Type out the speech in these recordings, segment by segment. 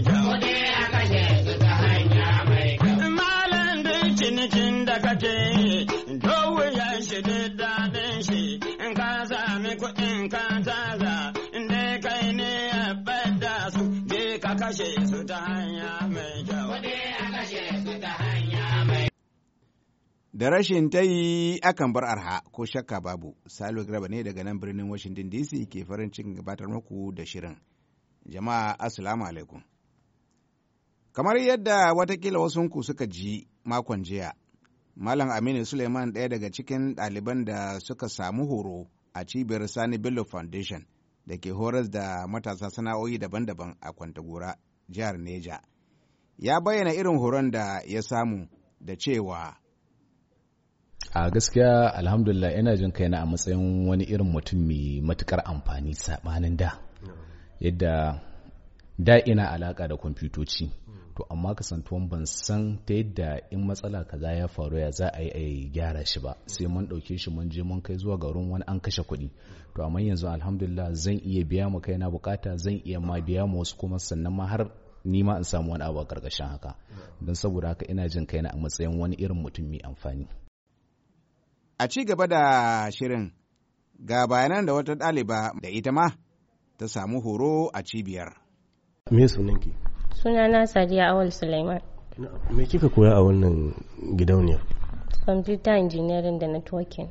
kyau. kashe su ta hanya mai kyau. Kuɗi a kashe su ta hanya mai Da rashin ta yi akan bar arha ko shakka babu, Salo Graba ne daga nan birnin Washington DC ke farin cikin gabatar muku da shirin. Jama'a Assalamu alaikum. Kamar yadda watakila wasunku suka ji makon jiya, Malam Aminu Suleiman ɗaya daga cikin ɗaliban da suka samu horo a cibiyar Sani Bello Foundation – da ke horar da matasa sana'o'i daban-daban a Kwantagora, jihar Neja. Ya bayyana irin horon da ya samu da cewa a gaskiya alhamdulillah ina jin kaina a matsayin wani irin mutum mai matukar amfani saɓanin da yadda da ina alaƙa da kwamfutoci hmm. to amma kasantuwan ban san ta yadda in matsala kaza ya faru ya za a yi gyara shi ba sai mun ɗauke shi mun je mun kai zuwa garin wani an kashe kuɗi to amma yanzu alhamdulillah zan iya biya mu kai na bukata zan iya ma biya mu wasu kuma sannan ma har ni ma in samu wani abu a karkashin haka don saboda haka ina jin kaina a matsayin wani irin mutum mai amfani a ci gaba da shirin ga bayanan da wata ɗaliba da ita ma ta samu horo a cibiyar me sunanki sunana sadiya awal suleiman me kika koya a wannan gidauniyar computer engineering da networking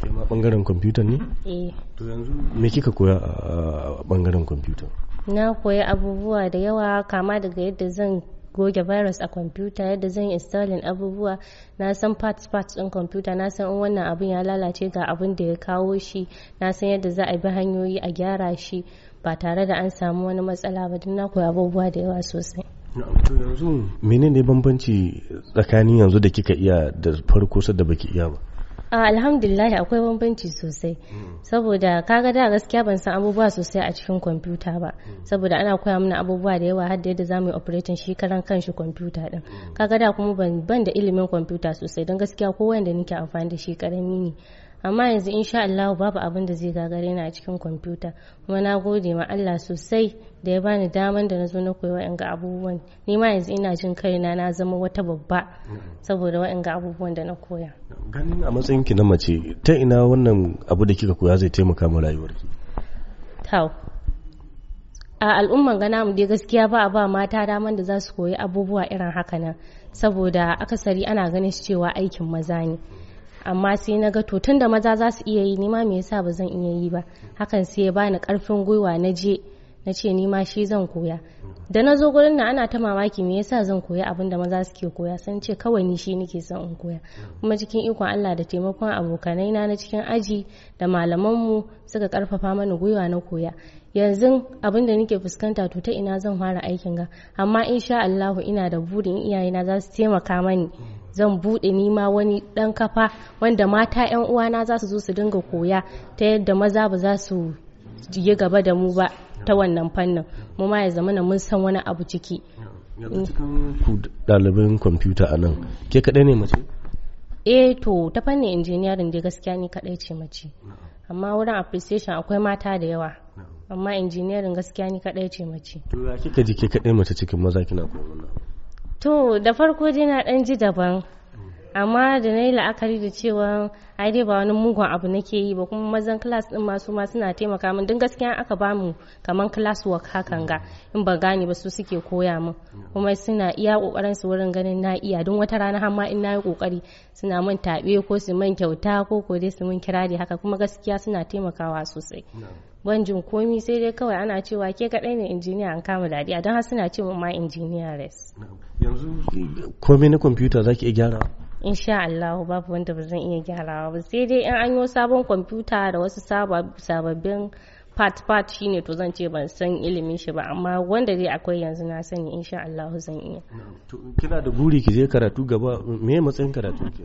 ke ma bangaren computer ne? eh to yanzu me kika koya a bangaren computer na koya abubuwa da yawa kama daga yadda zan goge virus a kwamfuta yadda zan installing abubuwa na san parts parts din kwamfuta na san in wannan abin ya lalace ga abun da ya kawo shi na san yadda za a bi hanyoyi a gyara shi ba tare da an samu wani matsala ba don na koyi abubuwa da yawa sosai yanzu menene bambanci tsakanin yanzu da kika iya da farko da baki iya ba alhamdulillah akwai bambanci sosai saboda kaga da gaskiya ban san abubuwa sosai a cikin kwamfuta ba saboda ana koya mana abubuwa da yawa har da yadda zamu yi operating shi karan kanshi kwamfuta din kaga da kuma ban da ilimin kwamfuta sosai don gaskiya ko wanda nake amfani da shi karami ne amma yanzu insha Allah babu abin da zai gagare ni a cikin kwamfuta kuma na gode ma Allah sosai da ya bani daman da na zo na koyi wa'anga abubuwan ni ma yanzu ina jin kaina na zama wata babba saboda wa'anga abubuwan da na koya ganin a matsayin ki na mace ta ina wannan abu da kika koya zai taimaka ma rayuwarki tau a al'umman gana mu dai gaskiya ba a ba mata daman da za su koyi abubuwa irin haka nan saboda akasari ana ganin cewa aikin maza ne amma sai na ga to da maza za su iya yi nima me yasa ba zan iya yi ba hakan sai ya bani karfin gwiwa na je na ce ni ma shi zan koya da na zo gurin na ana ta mamaki me yasa zan koya abin da maza suke koya sun ce kawai ni shi nake son in koya kuma cikin ikon Allah da taimakon abokanai na na cikin aji da malaman mu suka karfafa mana gwiwa na koya yanzu abin da nake fuskanta to ta ina zan fara aikin ga amma insha Allahu ina da burin iyayena za su taimaka mani zan buɗe nima wani ɗan kafa wanda mata 'yan uwana za su zo su dinga koya ta yadda maza ba za su yi gaba da mu ba ta wannan fannin mu ma ya na mun san wani abu ciki ku ɗaliban kwamfuta a nan ke kaɗai ne mace eh to ta fannin injiniyarin dai gaskiya ni kaɗai ce mace amma wurin appreciation akwai mata da yawa amma injiniyarin gaskiya ni kaɗai ce mace to ya kika ji ke kaɗai mace cikin maza kina koyo to da farko dai na ɗan ji daban amma da na yi la'akari da cewa ai dai ba wani mugun abu nake yi ba kuma mazan class ɗin masu ma suna taimaka min don gaskiya aka ba mu kamar class work hakan ga in ba gane ba su suke koya min kuma suna iya kokarin su wurin ganin na iya don wata rana har ma in na yi kokari suna min taɓe ko su min kyauta ko ko dai su min kirari haka kuma gaskiya suna taimakawa sosai ban jin komi sai dai kawai ana cewa ke kaɗai ne injiniya an kama dadiya don ha suna ce ma injiniya res yanzu komai na kwamfuta zaki iya gyara insha Allah babu wanda ba zan iya gyarawa ba sai dai in an yi sabon kwamfuta da wasu sababbin part part shine to zan ce ban san ilimin shi ba amma wanda dai akwai yanzu na sani insha Allah zan iya kina da buri ki je karatu gaba me matsayin karatu ke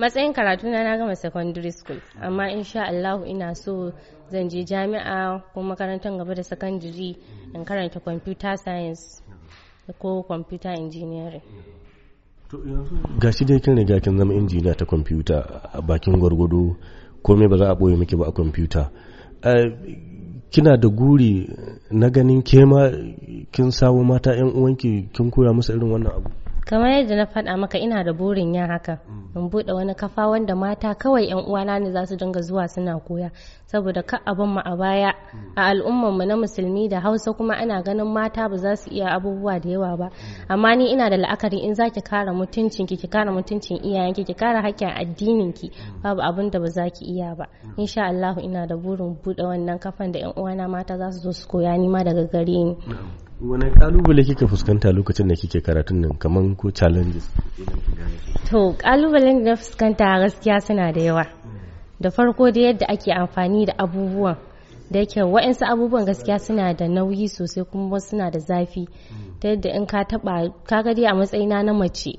matsayin karatu na gama secondary school amma insha Allah ina so zan je jami'a ko makarantar gaba da secondary in karanta computer science ko computer engineering ga shi dai kin riga kin zama injiniya ta kwamfuta a bakin gwargwado komai ba za a ɓoye miki ba a kwamfuta eh, kina da guri na ganin kema kin samu mata 'yan uwanki kin koya musu irin wannan abu kamar yadda na faɗa maka ina da burin yin haka mm. in buɗe wani kafa wanda mata kawai yan uwana ne za su dinga zuwa suna koya saboda ka abin mu a baya mm. a al'ummar mu na musulmi da hausa kuma ana ganin mata ba za su iya abubuwa da yawa ba mm. amma ni ina da la'akari in za ki kare mutuncin ki ki kare mutuncin iyayen ki ki kare hakkin addinin ki babu abin da ba za ki iya ba insha Allah ina da burin buɗe wannan kafan da yan uwana mata za su zo su koya ni ma daga gare ni wani kalubale kika fuskanta lokacin da kike karatun nan kamar ko challenges to kalubalen da na fuskanta gaskiya suna da yawa da farko da yadda ake amfani da abubuwan da yake wa'ansu abubuwan gaskiya suna da nauyi sosai kuma suna da zafi ta yadda in ka taba kaga dai a matsayina na mace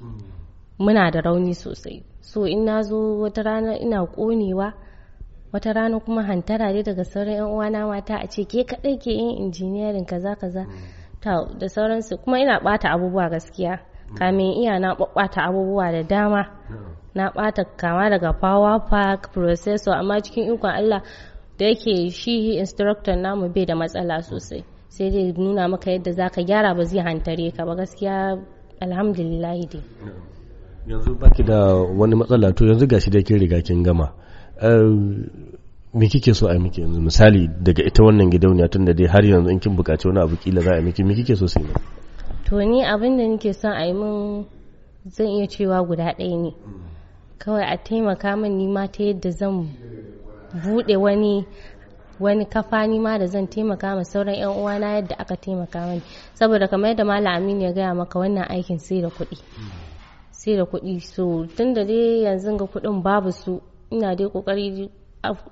muna da rauni sosai so in na zo wata rana ina konewa wata rana kuma hantara dai daga sauran yan uwana mata a ce ke kadai ke yin injiniyarin kaza kaza ta da sauransu kuma ina bata abubuwa gaskiya kamin iya na bata abubuwa da dama na bata kama daga power pack processor amma cikin ikon Allah da yake shi instructor namu bai da matsala sosai sai dai nuna maka yadda zaka gyara ba zai hantare ka ba gaskiya alhamdulillah dai yanzu baki da wani matsala to yanzu gashi da kin riga kin gama eh, me kike so a yi miki yanzu misali daga ita wannan gidauniya tun da dai har yanzu in kin bukaci wani abu kila za a yi miki me kike so sai ne to ni abin da nake son a yi min zan iya cewa guda ɗaya ne kawai a taimaka min ni ma ta yadda zan buɗe wani wani kafa ni ma da zan taimaka ma sauran yan uwana yadda aka taimaka mani saboda kamar yadda malam Aminu ya gaya maka wannan aikin sai da kuɗi sai da kuɗi so tun da dai yanzu ga kuɗin babu su ina dai kokari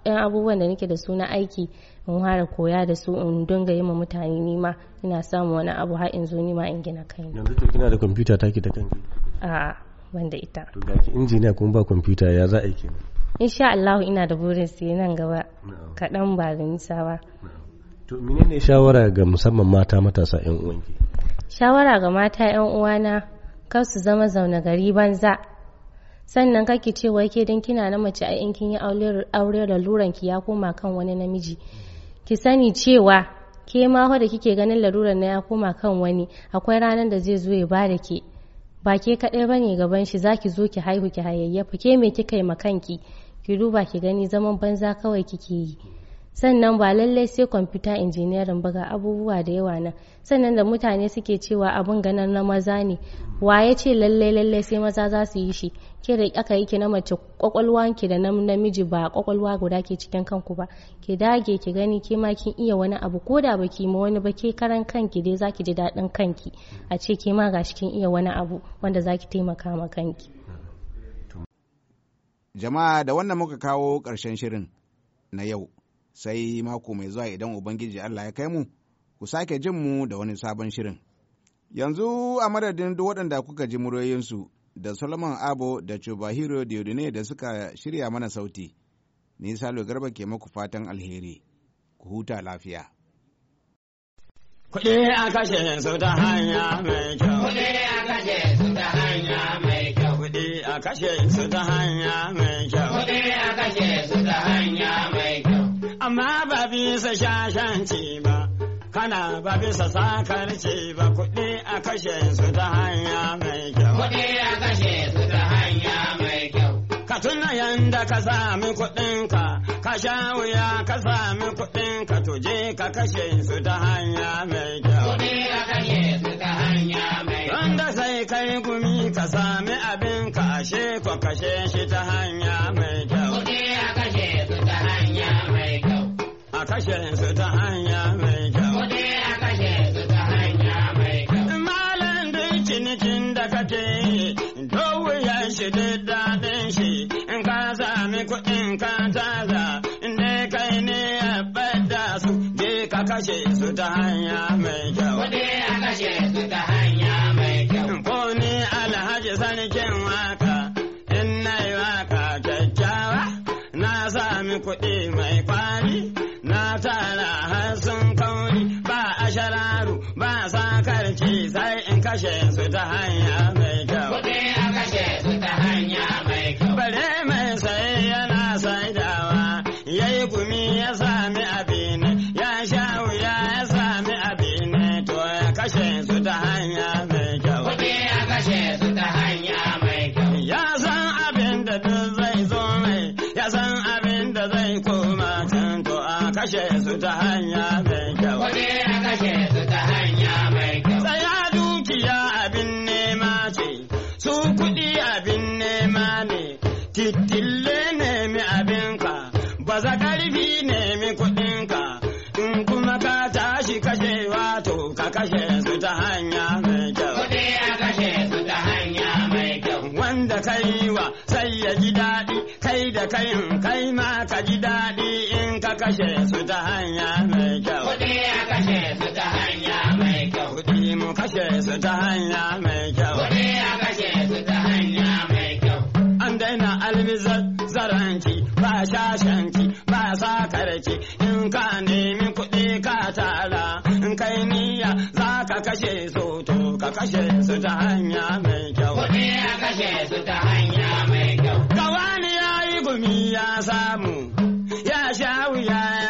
'yan abubuwan da nake da su na aiki in fara koya da su in dinga yi ma mutane nima ina samun wani abu har in zo nima in gina kai yanzu to kina da kwamfuta take da kanki a'a ban da ita to ga ki injiniya kuma ba kwamfuta ya za a yi kenan insha Allah ina da burin su nan gaba kaɗan ba da nisa ba to menene shawara ga musamman mata matasa yan uwanki shawara ga mata yan uwana kar su zama zaune gari banza sannan kake ce ke dan kina na mace ai in kin yi aure laluran ki ya koma kan wani namiji ki sani cewa ke ma da kike ganin laluran na ya koma kan wani akwai ranar da zai zo ya ba da ke ba ke kaɗai ba gaban shi za ki zo ki haihu ki hayayyafa ke me kika yi kanki ki duba ki gani zaman banza kawai kike yi sannan ba lallai sai kwamfuta injiniyarin ba ga abubuwa da yawa nan sannan da mutane suke cewa abin ganar na maza ne wa ya ce lallai lallai sai maza za su yi shi ke da aka yi ki na mace kwakwalwa ki da na namiji ba kwakwalwa guda ke cikin kanku ba ki dage ki gani ke ma kin iya wani abu ko da baki ma wani ba ke karan kanki dai zaki ji dadin kanki a ce ke ma gashi kin iya wani abu wanda zaki taimaka ma kanki jama'a da wannan muka kawo ƙarshen shirin na yau sai mako mai zuwa idan ubangiji allah ya kai mu ku sake jin mu da wani sabon shirin yanzu a madadin duk waɗanda kuka ji muryoyinsu da solomon abo da chubahiro diodune da suka shirya mana sauti ni salo garba ke muku fatan alheri ku huta lafiya Kuɗi a kashe su ta hanya mai kyau. Kuɗi a kashe su ta hanya mai kyau. Kuɗi a kashe su ta hanya mai kyau. Kuɗi a kashe su ta hanya mai kyau. amma ba bisa shashanci ba kana ba bisa sakarci ba kuɗi a kashe su ta hanya mai kyau kuɗi a kashe su ta hanya mai kyau ka tuna yanda ka sami kuɗinka ka sha wuya ka sami kuɗinka tuje ka kashe su ta hanya mai kyau kuɗi a kashe su ta hanya mai kyau wanda sai kai gumi ka sami abin ka ashe ko kashe shi ta hanya mai kyau a kashe su ta hanya mai kyau. Kuɗi a kashe su ta hanya mai kyau. Malam duk cinikin da kake dowuyan shi duk daɗin shi in ka sami kuɗin ka taza ne kai ne ya bada su je ka kashe su ta hanya mai kyau. Kuɗi a kashe su ta hanya mai kyau. Ko ni alhaji sarkin waka in na yi waka kyakkyawa na sami kuɗi mai kwari. tara har sun kauri ba a shararu ba sakarci sai in kashe su ta hanyar. kashe su ta hanya mai kyau. Kuɗi a kashe su ta hanya mai kyau. Tsaya dukiya abin nema ce, su kuɗi abin nema ne, titille nemi abin abinka, baza ƙarfi nemi ka. in kuma ka tashi kashewa to ka kashe su ta hanya mai kyau. Kuɗi a kashe su ta hanya mai kyau. Wanda kai wa sai ya ji daɗi, kai da kai kai ma ka ji daɗi. kashe su ta hanya mai kyau. Kuɗi a kashe su ta hanya mai kyau. Kuɗi mu kashe su ta hanya mai kyau. Kuɗi a kashe su ta hanya mai kyau. An daina almizar zaranci ba shashanci ba sakarci in ka nemi kuɗi ka tara in kai niyya za ka kashe su to ka kashe su ta hanya mai kyau. Kuɗi ya kashe su ta hanya mai kyau. Kawani ya yi gumi ya samu. shawiya